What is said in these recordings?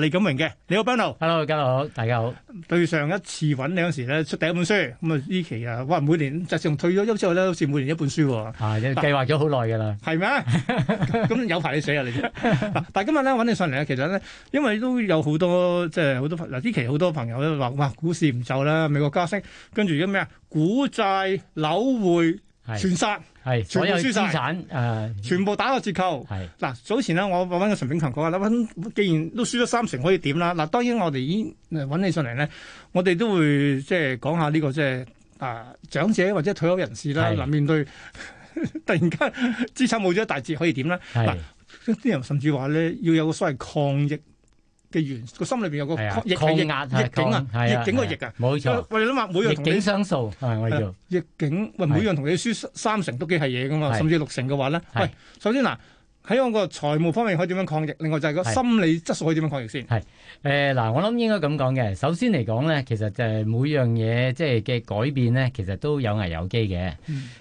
李錦榮嘅，你好 Beno，Hello 大家好，大家好。對上一次揾你嗰時咧，出第一本書，咁啊呢期啊，哇每年，就算退咗休之後咧，好似每年一本書喎。啊，計劃咗好耐噶啦。係咩？咁有排你寫啊你。但係今日咧揾你上嚟咧，其實咧，因為都有好多即係好多嗱，呢期好多朋友都話：哇，股市唔就啦，美國加息，跟住而家咩啊，股債樓匯。全殺，所有資產誒、呃，全部打個折扣。嗱，早前咧，我我揾個陳炳強講話，諗緊既然都輸咗三成，可以點啦？嗱，當然我哋依揾起上嚟咧，我哋都會即係講下呢、呢個即係誒長者或者退休人士啦。嗱，面對呵呵突然間資產冇咗大截，可以點啦？嗱，啲人甚至話咧，要有個所謂抗逆。嘅源個心裏邊有個亦係壓逆境啊，逆境個逆啊，冇錯，我哋諗下每樣同你相數，係我叫逆境。喂，每樣同你輸三成都幾係嘢噶嘛，甚至六成嘅話咧。係，首先嗱。喺我個財務方面可以點樣抗疫？另外就係個心理質素可以點樣抗疫先？係誒嗱，我諗應該咁講嘅。首先嚟講咧，其實就係每樣嘢即係嘅改變咧，其實都有危有機嘅。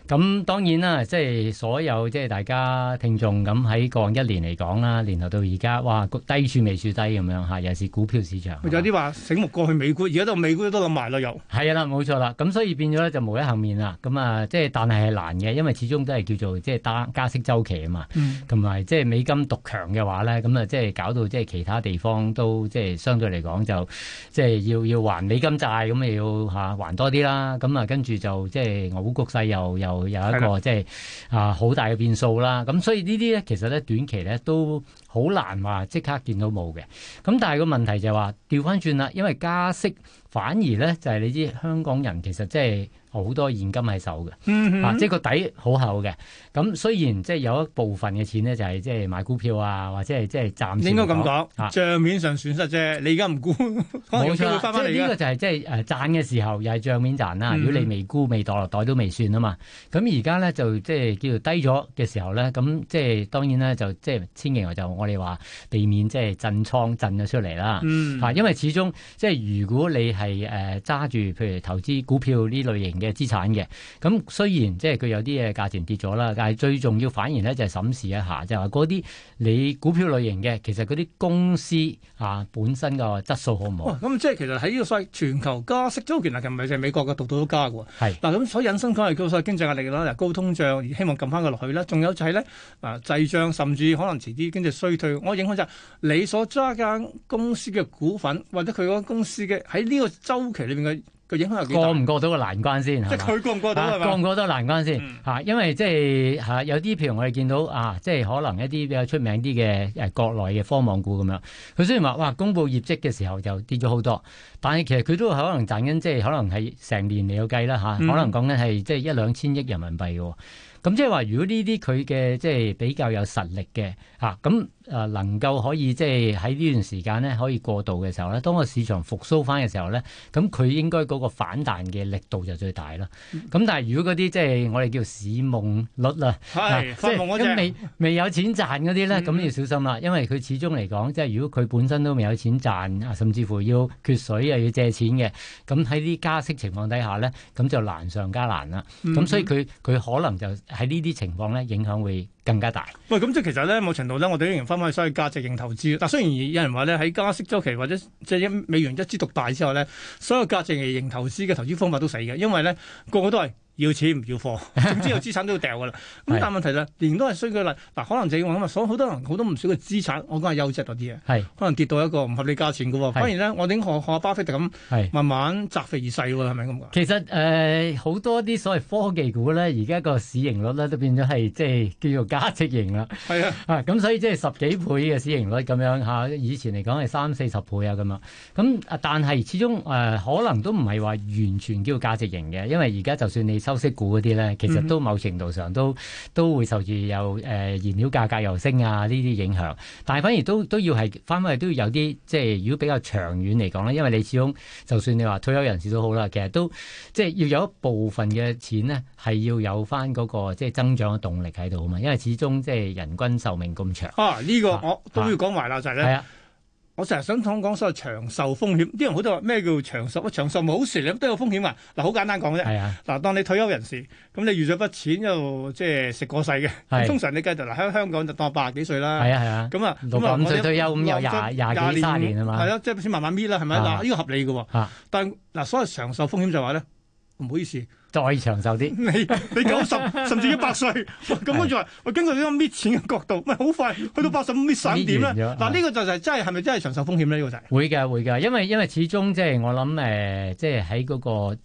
咁、嗯、當然啦，即、就、係、是、所有即係、就是、大家聽眾咁喺過往一年嚟講啦，年頭到而家哇，低處未處低咁樣吓，又是股票市場。有啲話醒目過去美股，而家都美股也都諗埋啦，又係啦，冇錯啦。咁所以變咗咧就無一幸免啦。咁啊，即係但係係難嘅，因為始終都係叫做即係加息周期啊嘛。咁、嗯、啊～即係美金獨強嘅話咧，咁啊即係搞到即係其他地方都即係相對嚟講就即係要要還美金債，咁又要嚇還多啲啦。咁啊跟住就即係我估局勢又又有一個即係啊好大嘅變數啦。咁所以呢啲咧其實咧短期咧都好難話即刻見到冇嘅。咁但係個問題就係話調翻轉啦，因為加息反而咧就係你知香港人其實即係。好多現金係手嘅，啊，即係個底好厚嘅。咁雖然即係有一部分嘅錢咧，就係即係買股票啊，或者係即係暫時，你應該咁講、啊，帳面上損失啫。你而家唔沽，可能有機會翻返嚟。呢個就係即係誒賺嘅時候，又係帳面賺啦。嗯、如果你未沽，未袋落袋都未算啊嘛。咁而家咧就即係叫做低咗嘅時候咧，咁即係當然咧就即係千祈就我哋話避免即係震倉震咗出嚟啦。嚇、嗯啊，因為始終即係、就是、如果你係誒揸住譬如投資股票呢類型嘅。嘅資產嘅，咁雖然即係佢有啲嘅價錢跌咗啦，但係最重要反而咧就係審視一下，就係話嗰啲你股票類型嘅，其實嗰啲公司啊本身個質素好唔好？咁、哦、即係其實喺呢個所謂全球加息週期，其實唔係淨係美國嘅獨到都加嘅。係嗱咁，啊、所以引申翻嚟叫做經濟壓力啦，又高通脹，希望撳翻佢落去啦。仲有就係咧啊，滯脹甚至可能遲啲經濟衰退。我影響就係你所揸間公司嘅股份，或者佢嗰個公司嘅喺呢個周期裏邊嘅。個影響過唔過到個難關先，即係佢過唔過到啊？過唔過到難關先吓，過過啊過過嗯、因為即係吓有啲譬如我哋見到啊，即、就、係、是、可能一啲比較出名啲嘅誒國內嘅科網股咁樣，佢雖然話哇公布業績嘅時候就跌咗好多，但係其實佢都可能賺緊，即係可能係成年嚟計啦吓，可能講緊係即係一兩、啊嗯就是、千億人民幣嘅，咁即係話如果呢啲佢嘅即係比較有實力嘅吓咁。啊誒能夠可以即係喺呢段時間咧，可以過渡嘅時候咧，當個市場復甦翻嘅時候咧，咁佢應該嗰個反彈嘅力度就最大啦。咁但係如果嗰啲即係我哋叫市夢率啦，係發、啊、夢嗰隻未未有錢賺嗰啲咧，咁你要小心啦，因為佢始終嚟講，即係如果佢本身都未有錢賺，甚至乎要缺水呀要借錢嘅，咁喺啲加息情況底下咧，咁就難上加難啦。咁、嗯、所以佢佢可能就喺呢啲情況咧，影響會更加大。喂，咁即係其實咧，某程度咧，我哋啲人分開所謂價值型投資。但係雖然有人話咧，喺加息周期或者即係一美元一枝獨大之後咧，所有價值型投資嘅投資方法都死嘅，因為咧，個個都係。要錢唔要貨，總之有資產都要掉噶啦。咁但係問題就，年都係衰噶啦。嗱，可能就我諗啊，所以好多人好多唔少嘅資產，我講係優質嗰啲啊，可能跌到一個唔合理價錢噶喎。反而咧，我哋學學巴菲特咁，慢慢擇肥而細喎，係咪咁講？其實誒好、呃、多啲所謂科技股咧，而家個市盈率咧都變咗係即係叫做價值型啦。係啊，咁所以即係十幾倍嘅市盈率咁樣嚇，以前嚟講係三四十倍啊咁啊。咁但係始終誒、呃、可能都唔係話完全叫價值型嘅，因為而家就算你。收息股嗰啲咧，其實都某程度上都都會受住有誒、呃、燃料價格又升啊呢啲影響，但係反而都都要係翻翻去都要有啲即係如果比較長遠嚟講咧，因為你始終就算你話退休人士都好啦，其實都即係要有一部分嘅錢咧係要有翻、那、嗰個即係增長嘅動力喺度啊嘛，因為始終即係人均壽命咁長。啊，呢、呢個我都要講埋喇，就係咧。係啊。我成日想講講所謂長壽風險，啲人好多話咩叫長壽？啊，長壽冇事，你都有風險啊！嗱，好簡單講啫。係啊！嗱，當你退休人士，咁你預咗筆錢又，又即係食過世嘅。通常你計就嗱喺香港就當八十幾歲啦。係啊係啊。咁啊，咁啊，退休咁又廿廿幾三十年啊嘛。係咯，即係先慢慢搣啦，係咪？嗱、啊，呢、呢個合理嘅。啊。但嗱，所謂長壽風險就話咧，唔好意思。再長壽啲， 你你九十甚至一百歲，咁我仲話，喂，經過呢個搣錢嘅角度，喂，好快去到八十五搣省點嗱，呢、啊呢個就就真係係咪真係長壽風險咧？呢個就係會嘅，會嘅，因為因為始終即、就、係、是、我諗誒，即係喺嗰個儲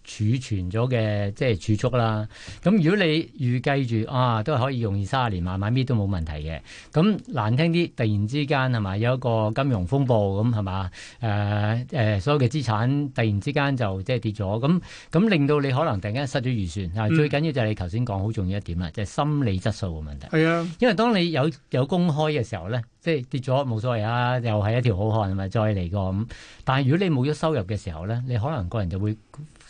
存咗嘅即係儲蓄啦。咁如果你預計住啊，都係可以用二三十年慢慢搣都冇問題嘅。咁難聽啲，突然之間係咪，有一個金融風暴咁係嘛？誒誒、呃呃，所有嘅資產突然之間就即係、就是、跌咗，咁咁令到你可能突然間啲預算，嗱最緊要就係你頭先講好重要一點啦、嗯，就係、是、心理質素嘅問題。係啊，因為當你有有公開嘅時候咧，即係跌咗冇所謂啊，又係一條好漢係咪？再嚟過咁。但係如果你冇咗收入嘅時候咧，你可能個人就會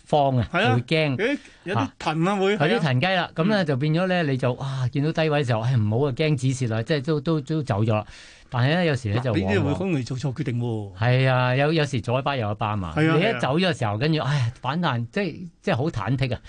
慌啊，會驚，有啲騰啊會，有啲騰、啊啊、雞啦。咁咧、啊、就變咗咧，你就哇見、啊、到低位嘅時候，唉唔好啊驚止蝕啊，即係都都都走咗。但係咧，有時咧就你啲會好容易做錯決定喎。係啊，有有時左一巴右一巴嘛。係啊，你一走咗嘅時候，跟住唉反彈，即係即係好忐忑啊！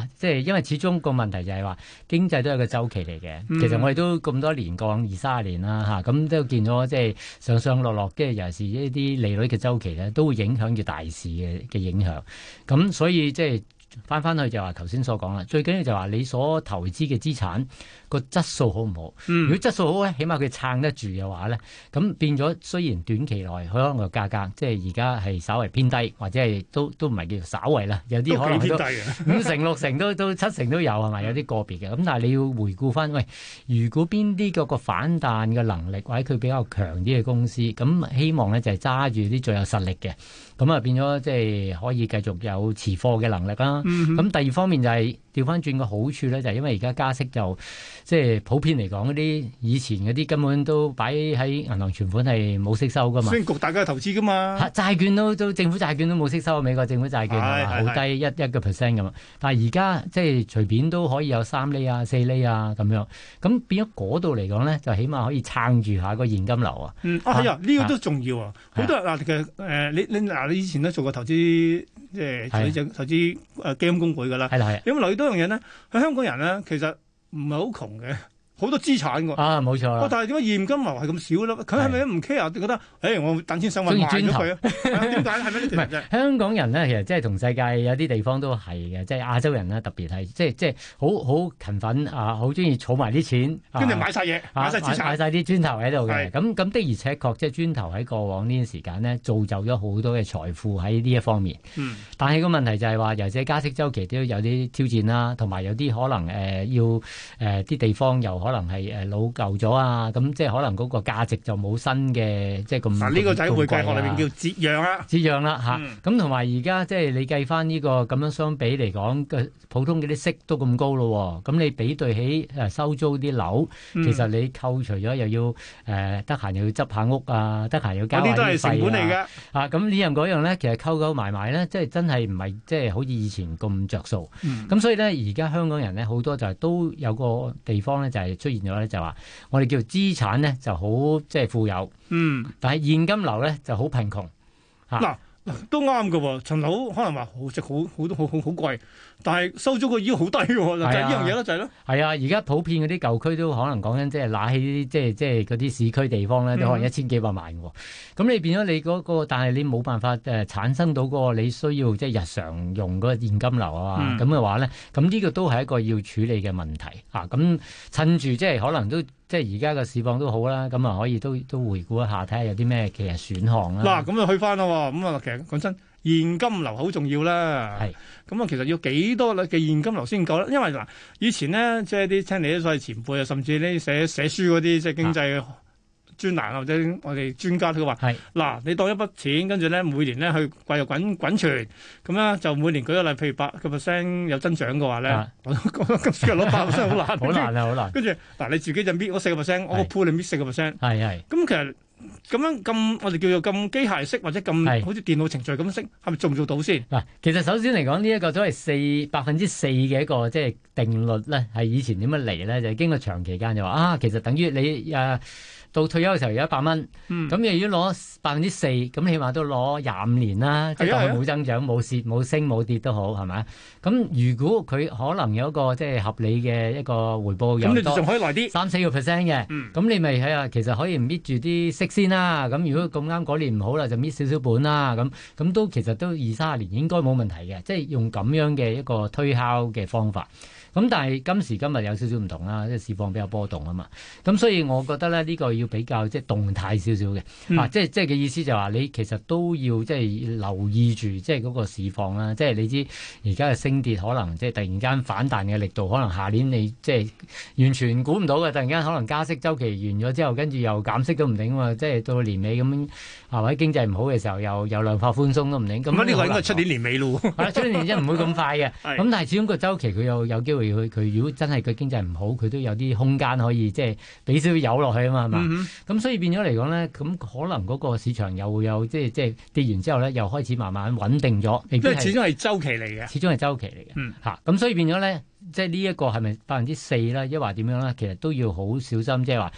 嚇，即係因為始終個問題就係話經濟都係個周期嚟嘅、嗯。其實我哋都咁多年過二三十年啦、啊、咁、啊、都見到即係上上落落，即係尤其是一啲利率嘅周期咧，都會影響住大市嘅嘅影響。咁、啊、所以即係翻翻去就話頭先所講啦，最緊要就話你所投資嘅資產。個質素好唔好、嗯？如果質素好咧，起碼佢撐得住嘅話咧，咁變咗雖然短期內佢可能個價格，即係而家係稍微偏低，或者係都都唔係叫做稍微啦，有啲可能幾偏低，五成六成都都七成都有係咪？有啲個別嘅咁，但係你要回顧翻，喂，如果邊啲個個反彈嘅能力或者佢比較強啲嘅公司，咁希望咧就係揸住啲最有實力嘅，咁啊變咗即係可以繼續有持貨嘅能力啦。咁第二方面就係調翻轉個好處咧，就係因為而家加息就。即係普遍嚟講，嗰啲以前嗰啲根本都擺喺銀行存款係冇息收噶嘛。分局大家投資噶嘛。債、啊、券，都都政府債券都冇息收、啊、美國政府債券好低一一個 percent 咁。但係而家即係隨便都可以有三厘啊、四厘啊咁樣。咁變咗嗰度嚟講咧，就起碼可以撐住下個現金流啊。啊、嗯、係啊，呢、啊啊啊這個都重要啊。好多人力誒、啊啊，你你嗱，你以前都做過投資，即、啊、係、啊、投資、啊、投資誒基金工具噶啦。係啦係。咁另多樣嘢咧，佢香港人咧其實唔係好窮嘅。好多資產㗎啊！冇、啊、錯、啊、但係點解現金流係咁少咧？佢係咪唔 care？覺得誒，我等先上運買咗佢啊？點解咧？香港人咧，其實即係同世界有啲地方都係嘅，即係亞洲人咧，特別係即係即係好好勤奮啊，好中意儲埋啲錢。跟、啊、住買晒嘢，買晒啲磚頭喺度嘅。咁咁的而且確，即係磚頭喺過往呢啲時間咧，造就咗好多嘅財富喺呢一方面。嗯、但係個問題就係話，尤其加息周期都有啲挑戰啦，同埋有啲可能誒要誒啲地方又。可能係誒老舊咗啊，咁即係可能嗰個價值就冇新嘅，即係咁。呢、啊呢個就喺會計學裏邊叫折讓啦、啊，折讓啦、啊、嚇。咁同埋而家即係你計翻呢、呢個咁樣相比嚟講嘅普通嗰啲息都咁高咯，咁你比對起誒收租啲樓、嗯，其實你扣除咗又要誒得閒又要執下屋啊，得閒要交嗰啲都係成本嚟嘅啊。咁呢樣嗰樣咧，其實溝溝埋埋咧，即、就、係、係、真係唔係即係好似以前咁着數。咁、嗯、所以咧，而家香港人咧好多就係都有個地方咧，就係、係。出現咗咧，就話我哋叫做資產咧，就好即係富有，嗯，但係現金流咧就好貧窮嚇。嗯都啱喎。層樓可能話食好值好都好好好，好，好貴，但係收租個已經好低喎，就係呢樣嘢咯，就係咯。係啊，而家、啊、普遍嗰啲舊區都可能講緊，即係揦起即係即係嗰啲市區地方咧，都可能一千幾百萬喎。咁、嗯、你變咗你嗰、那個，但係你冇辦法誒產生到嗰個你需要即、就是、日常用嗰個現金流啊咁嘅、嗯、話咧，咁呢個都係一個要處理嘅問題啊。咁趁住即係可能都。即係而家嘅市況都好啦，咁啊可以都都回顧一下，睇下有啲咩其實選項啦。嗱、啊，咁啊去翻咯，咁啊其實講真，現金流好重要啦。係，咁啊其實要幾多嘅現金流先夠啦？因為嗱，以前呢，即係啲聽你啲所謂前輩啊，甚至你寫寫書嗰啲即係經濟嘅。專欄或者我哋專家佢話，嗱你當一筆錢，跟住咧每年咧去櫃入滾滾存，咁咧就每年舉個例，譬如八個 percent 有增長嘅話咧、啊，我都覺得咁攞八 percent 好難，好 難啊，好難。跟住嗱你自己就搣我四個 percent，我個 pool 你搣四個 percent，係係。咁其實咁樣咁，我哋叫做咁機械式或者咁，好似電腦程序咁式，係咪做唔做到先？嗱，其實首先嚟講呢一個所謂四百分之四嘅一個即係定律咧，係以前點樣嚟咧，就是，經過長期間就話啊，其實等於你誒。啊到退休嘅時候有一百蚊，咁、嗯、你如果攞百分之四，咁起碼都攞廿五年啦、啊啊，即係佢冇增長、冇蝕、啊、冇升、冇跌都好，係咪？咁如果佢可能有一個即係合理嘅一個回報，咁、嗯、你仲可以來啲三四個 percent 嘅，咁你咪睇下，其實可以搣住啲息先啦、啊。咁如果咁啱嗰年唔好啦，就搣少少本啦、啊。咁咁都其實都二三十年應該冇問題嘅，即係用咁樣嘅一個推敲嘅方法。咁但係今時今日有少少唔同啦、啊，即係市況比較波動啊嘛。咁所以我覺得咧，呢、呢個要。比較即係動態少少嘅，啊，即係即係嘅意思就話、是、你其實都要即係留意住即係嗰個市況啦，即係你知而家嘅升跌可能即係突然間反彈嘅力度可能下年你即係完全估唔到嘅，突然間可能加息週期完咗之後，跟住又減息都唔定啊，即係到年尾咁樣啊，或者經濟唔好嘅時候又又量化寬鬆都唔定，咁呢、這個應該出年年尾咯。係啦，出年即唔 會咁快嘅，咁 但係始終個週期佢又有機會去，佢如果真係佢經濟唔好，佢都有啲空間可以即係俾少少油落去啊嘛，係、嗯、嘛。咁、嗯，所以變咗嚟講咧，咁可能嗰個市場又有即係即係跌完之後咧，又開始慢慢穩定咗。因為始終係週期嚟嘅，始終係週期嚟嘅。嗯，嚇，咁所以變咗咧，即係呢一個係咪百分之四啦，抑或點樣啦，其實都要好小心，即係話。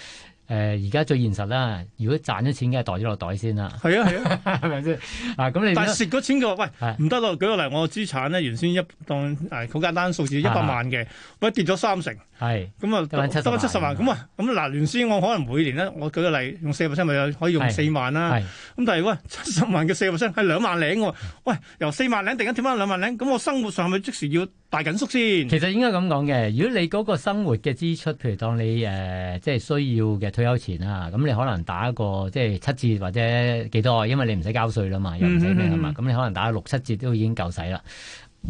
誒而家最現實啦，如果賺咗錢梗係袋咗落袋先啦。係啊係啊，係咪先？啊咁你，但係蝕咗錢嘅話、啊，喂唔得咯！舉個例，我資產咧原先一當誒好簡單數字一百萬嘅，喂跌咗三成，咁啊得七十萬。咁啊咁嗱，原先我可能每年咧，我舉個例用四百 percent 咪可以用四萬啦。咁、啊啊、但係如果七十萬嘅四百 percent 係兩萬零喎。喂，由四萬零突然間跌翻兩萬零，咁我生活上係咪即時要？大緊縮先，其實應該咁講嘅。如果你嗰個生活嘅支出，譬如當你誒、呃、即係需要嘅退休錢啊，咁你可能打一個即係七折或者幾多啊，因為你唔使交稅啦嘛，又唔使咩啦嘛，咁、嗯、你可能打六七折都已經夠使啦。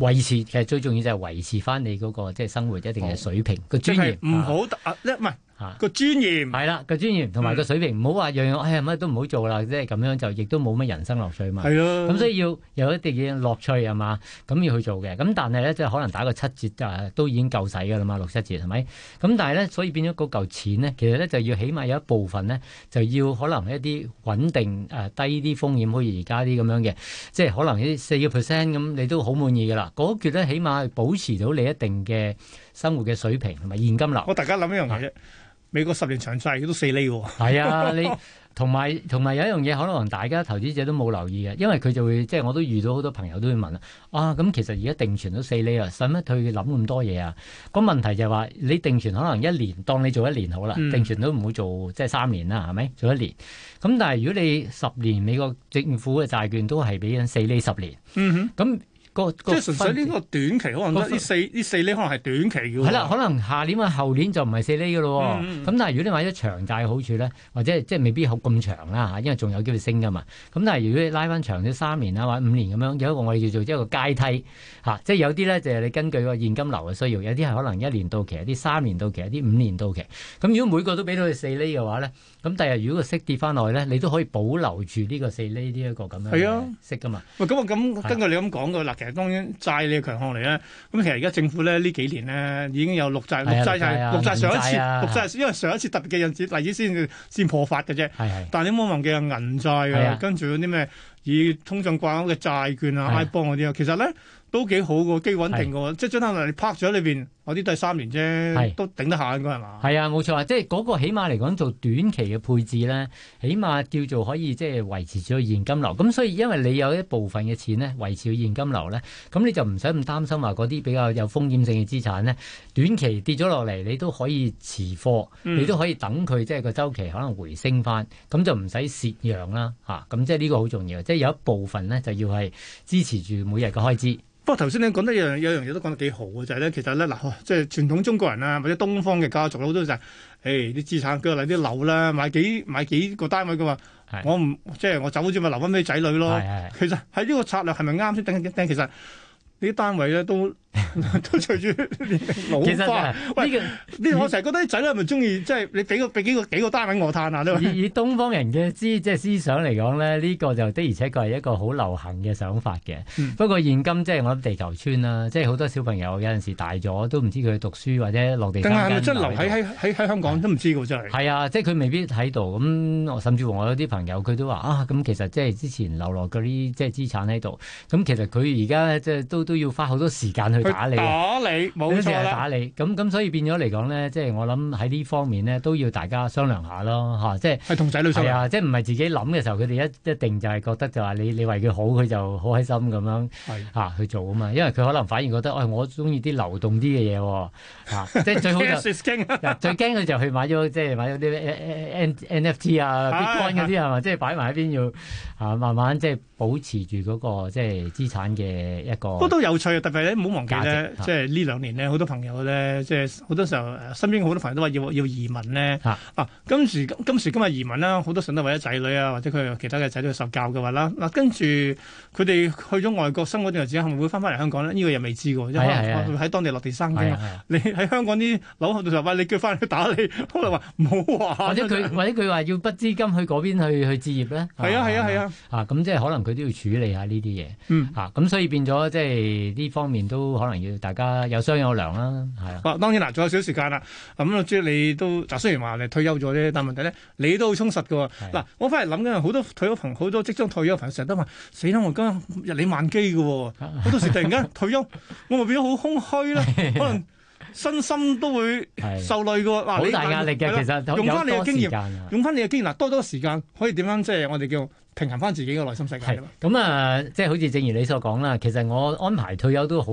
維持其實最重要就係維持翻你嗰、那個即係生活一定嘅水平個尊嚴。唔、哦、好打一唔係。啊啊吓個尊嚴係啦，個尊嚴同埋個水平，唔好話樣樣哎呀，乜都唔好做啦，即係咁樣就亦都冇乜人生樂趣嘛。係咯、啊，咁所以要有一定嘅樂趣係嘛，咁要去做嘅。咁但係咧，即係可能打個七折啊，都已經夠使噶啦嘛，六七折係咪？咁但係咧，所以變咗嗰嚿錢咧，其實咧就要起碼有一部分咧，就要可能一啲穩定誒、啊、低啲風險，好似而家啲咁樣嘅，即係可能四個 percent 咁，你都好滿意噶啦。嗰橛咧，起碼保持到你一定嘅生活嘅水平同埋現金流。我大家諗一樣嘢啫。美國十年長債佢都四厘喎，係啊，你同埋同埋有一樣嘢，可能大家投資者都冇留意嘅，因為佢就會即係我都遇到好多朋友都會問啊，咁其實而家定存都四厘啊，使乜佢諗咁多嘢啊？咁問題就係話你定存可能一年當你做一年好啦，嗯，定存都唔會做即係三年啦，係咪做一年？咁但係如果你十年美國政府嘅債券都係俾緊四厘十年，嗯哼，咁。個即係純粹呢個短期，可能得呢四呢四厘，可能係短期嘅。係啦，可能下年啊、後年就唔係四厘嘅咯、哦。咁、嗯、但係如果你買咗長債，好處咧，或者即係未必好咁長啦嚇，因為仲有機會升㗎嘛。咁但係如果你拉翻長咗三年啊，或者五年咁樣，有一個我哋叫做一個階梯嚇、啊，即係有啲咧就係、是、你根據個現金流嘅需要，有啲係可能一年到期，有啲三年到期，有啲五年到期。咁如果每個都俾到你四厘嘅話咧，咁第日如果佢息跌翻落去咧，你都可以保留住呢個四厘呢一個咁樣息㗎嘛。喂，咁我咁根據你咁講嘅啦。當然債你係強項嚟啦，咁其實而家政府咧呢幾年咧已經有六債，六債就係六債上一次，六債、啊、因為上一次特別嘅日子例子先先破發嘅啫。但係你唔好忘記銀債啊，銀債啊，跟住嗰啲咩以通脹掛鈎嘅債券啊、iBond 嗰啲啊，其實咧都幾好嘅，幾穩定嘅，即係將啲嘢拍咗裏邊。我啲都係三年啫，都頂得下應該係嘛？係啊，冇錯啊！即係嗰個起碼嚟講做短期嘅配置咧，起碼叫做可以即係維持住個現金流。咁所以因為你有一部分嘅錢咧維持住現金流咧，咁你就唔使咁擔心話嗰啲比較有風險性嘅資產咧短期跌咗落嚟，你都可以持貨，你都可以等佢即係個周期可能回升翻，咁就唔使蝕讓啦嚇。咁即係呢個好重要，即係有一部分咧就要係支持住每日嘅開支。不過頭先你講得一樣有樣嘢都講得幾好嘅就係、是、咧，其實咧嗱。即係傳統中國人啊，或者東方嘅家族好多就係，誒啲資產，佢話你啲樓啦，買幾買幾個單位，㗎嘛。我唔即係我走好似咪留翻俾仔女咯。其實喺呢個策略係咪啱先？等一等，其實呢啲單位咧都， 都隨住老化，呢、這個呢我成日覺得啲仔係咪中意即係你俾個俾幾個幾個單位喺我嘆下都。以以東方人嘅思即係、就是、思想嚟講咧，呢、這個就的而且確係一個好流行嘅想法嘅、嗯。不過現今即係、就是、我諗地球村啦，即係好多小朋友有陣時大咗都唔知佢讀書或者落地。咁係咪真留喺喺喺香港都唔知嘅真係？係、就是、啊，即係佢未必喺度。咁甚至乎我有啲朋友佢都話啊，咁其實即係之前留落嗰啲即係資產喺度。咁其實佢而家即係都都要花好多時間去。打你，冇錯啦。打你，咁咁，所以變咗嚟講咧，即、就、係、是、我諗喺呢方面咧，都要大家商量下咯，即係係同仔女商量，係啊，即係唔係自己諗嘅時候，佢哋一一定就係覺得就話你你為佢好，佢就好開心咁樣嚇、啊、去做啊嘛。因為佢可能反而覺得，哎，我中意啲流動啲嘅嘢，喎、啊。即、啊、係、啊啊啊啊、最好就、 啊、最驚佢就去買咗，即、就、係、是、買咗啲、嗯、NFT 啊、 Bitcoin 嗰啲係嘛，即係擺埋一邊要、啊、慢慢即係、就是、保持住嗰、那個即係、就是、資產嘅一個。不過都有趣啊，特別你唔好忘記即係呢兩年咧，好多朋友咧、啊，即係好多時候誒，身邊好多朋友都話要要移民咧、啊。啊，今時今時今日移民啦，好多時都為咗仔女啊，或者佢其他嘅仔女受教嘅話啦。嗱、啊，跟住佢哋去咗外國生活一段時間，係咪會翻返嚟香港呢？呢、呢個又未知嘅，因為喺當地落地生嘅。你喺香港啲樓，到時候你叫翻去打理，都係話唔好話。或者佢或者佢話要不資金去嗰邊去去置業咧？係啊係啊係啊！啊咁，係啊係啊係啊啊即係可能佢都要處理下呢啲嘢。嗯、啊。嚇咁，所以變咗即係呢方面都。可能要大家有商有商量啦，係啊。哇，當然嗱，仲有少時間啦。咁阿朱，你都就雖然話你退休咗啫，但問題咧，你都好充實嘅喎。嗱，我翻嚟諗緊好多退休朋友，好多即將退休嘅朋友成日都話：死啦！我今日日理萬機嘅喎，我 到時候突然間退休，我咪變咗好空虛啦， 可能身心都會受累嘅喎。好 大壓力嘅，其實用翻你嘅經驗，用翻你嘅經驗。嗱，多多時間可以點樣即係我哋叫？平衡翻自己嘅內心世界咯。咁啊、呃，即係好似正如你所講啦，其實我安排退休都好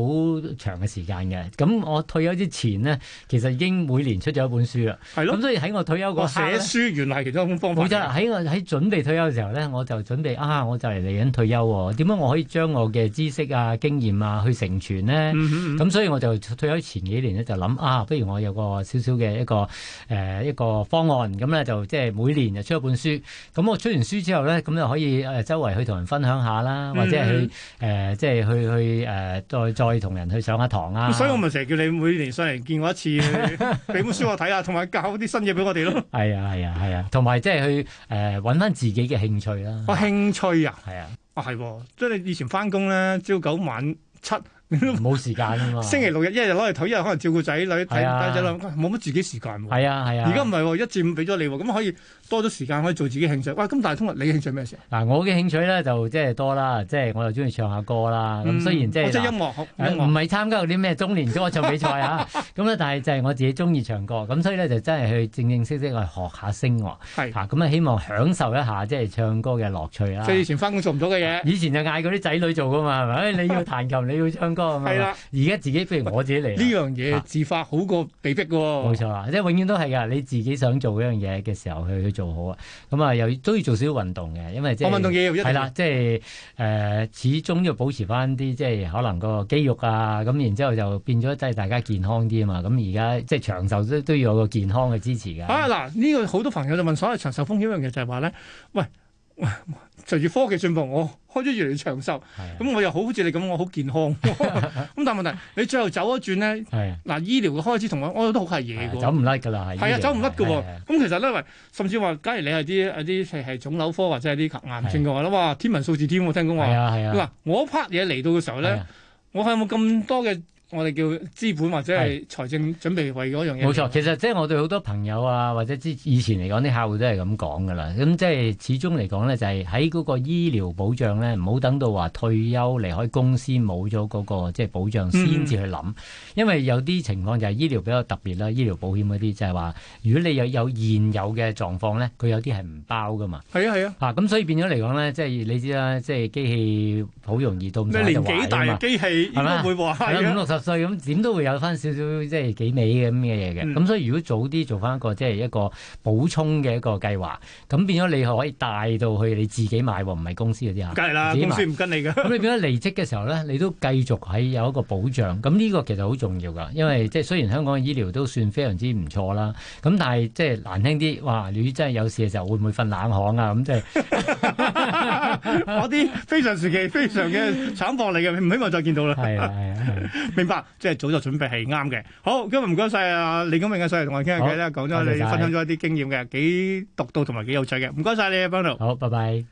長嘅時間嘅。咁我退休之前呢，其實已經每年出咗一本書啦。係咁，所以喺我退休嗰刻咧，我寫書原來係其中一種方法。冇錯，喺我喺準備退休嘅時候咧，我就準備啊，我就嚟緊退休喎。點解我可以將我嘅知識啊、經驗啊去成全咧？咁、嗯嗯、所以我就退休前幾年咧，就諗啊，不如我有個少少嘅一個誒、呃、一個方案咁咧，就即係每年就出一本書。咁我出完書之後咧，咁就。可以誒，周圍去同人分享下啦，或者去誒、嗯呃，即係去去誒、呃，再再同人去上下堂啊。所以我咪成日叫你每年上嚟見我一次，俾 本書我睇下，同埋教啲新嘢俾我哋咯。係 啊，係啊，係啊，同埋、啊、即係去誒，揾、呃、翻自己嘅興趣啦。我興趣啊，係啊，啊，啊，啊係，即係、啊、以，以前翻工咧，朝九晚七。冇 時間啊嘛！星期六日一日攞嚟睇，一日可能照顧仔女睇唔得就冇乜自己時間。係啊係啊！而家唔係喎，一至五俾咗你喎，咁可以多咗時間可以做自己哇、啊、興趣。喂、就是，咁大通聰你興趣咩？嗱，我嘅興趣咧就即係多啦，即係我又中意唱下歌啦。咁雖然即係音樂，唔、呃、係參加嗰啲咩中年歌唱比賽啊。咁咧，但係就係我自己中意唱歌，咁所以咧就真係去正正式式去學下聲樂。係啊，咁啊希望享受一下即係、就是、唱歌嘅樂趣啦。即係以,以前返工做唔到嘅嘢。以前就嗌嗰啲仔女做㗎嘛，係咪？你要彈琴，你要唱歌。係啦、啊，而家自己譬如我自己嚟呢樣嘢自發好過被逼，冇錯啊！錯即係永遠都係噶，你自己想做嗰樣嘢嘅時候去去做好啊！咁啊，又都要做少少運動嘅，因為即係運動嘢係啦，即係誒、呃，始終要保持翻啲即係可能個肌肉啊，咁然之後就變咗即係大家健康啲啊嘛！咁而家即係長壽都都要有個健康嘅支持噶。啊嗱，呢、這個好多朋友就問，所謂長壽風險一樣嘢就係話咧，喂。喂.隨住科技進步，我開咗越嚟越長壽，咁、啊、我又好似你咁，我好健康。咁 但係問題，你最後走一轉咧，嗱、啊、醫療嘅開始同我，我覺得好係嘢嘅，走唔甩㗎啦，係。呀，啊，走唔甩㗎喎。咁、啊啊啊嗯、其實咧，甚至話，假如你係啲啲係係腫瘤科或者係啲癌症嘅話咧，哇天文數字添、啊啊啊，我聽講話。我啊係啊。嗱，我 part 嘢嚟到嘅時候咧，我係冇咁多嘅。我哋叫資本或者係財政準備為嗰樣嘢。冇錯，其實即係我對好多朋友啊，或者之以前嚟講啲客戶都係咁講噶啦。咁即係始終嚟講咧，就係喺嗰個醫療保障咧，唔好等到話退休離開公司冇咗嗰個即係保障先至去諗、嗯。因為有啲情況就係醫療比較特別啦，醫療保險嗰啲就係話，如果你有有現有嘅狀況咧，佢有啲係唔包噶嘛。係啊係啊。啊咁，所以變咗嚟講咧，即係你知啦，即係機器好容易到唔。你年幾大機器應該會係嘅。所以咁點都會有翻少少，即係幾美嘅咁嘅嘢嘅，咁、嗯、所以如果早啲做翻一個即係一個補充嘅一個計劃，咁變咗你可以帶到去你自己買喎，唔係公司嗰啲嚇。梗係啦，公司唔跟你噶。咁你變咗離職嘅時候咧，你都繼續喺有一個保障，咁呢個其實好重要㗎，因為即係雖然香港嘅醫療都算非常之唔錯啦，咁但係即係難聽啲，哇！如果你真係有事嘅時候，會唔會瞓冷巷啊？咁即係嗰啲非常時期非常嘅慘況嚟嘅，唔 希望再見到啦。係啊係啊， 明白。即係早就準備係啱嘅。好，今日唔該晒啊李錦榮嘅，上嚟同我傾下偈啦。講咗你分享咗一啲經驗嘅，幾獨到同埋幾有趣嘅。唔該晒你啊 Bono。好，拜拜。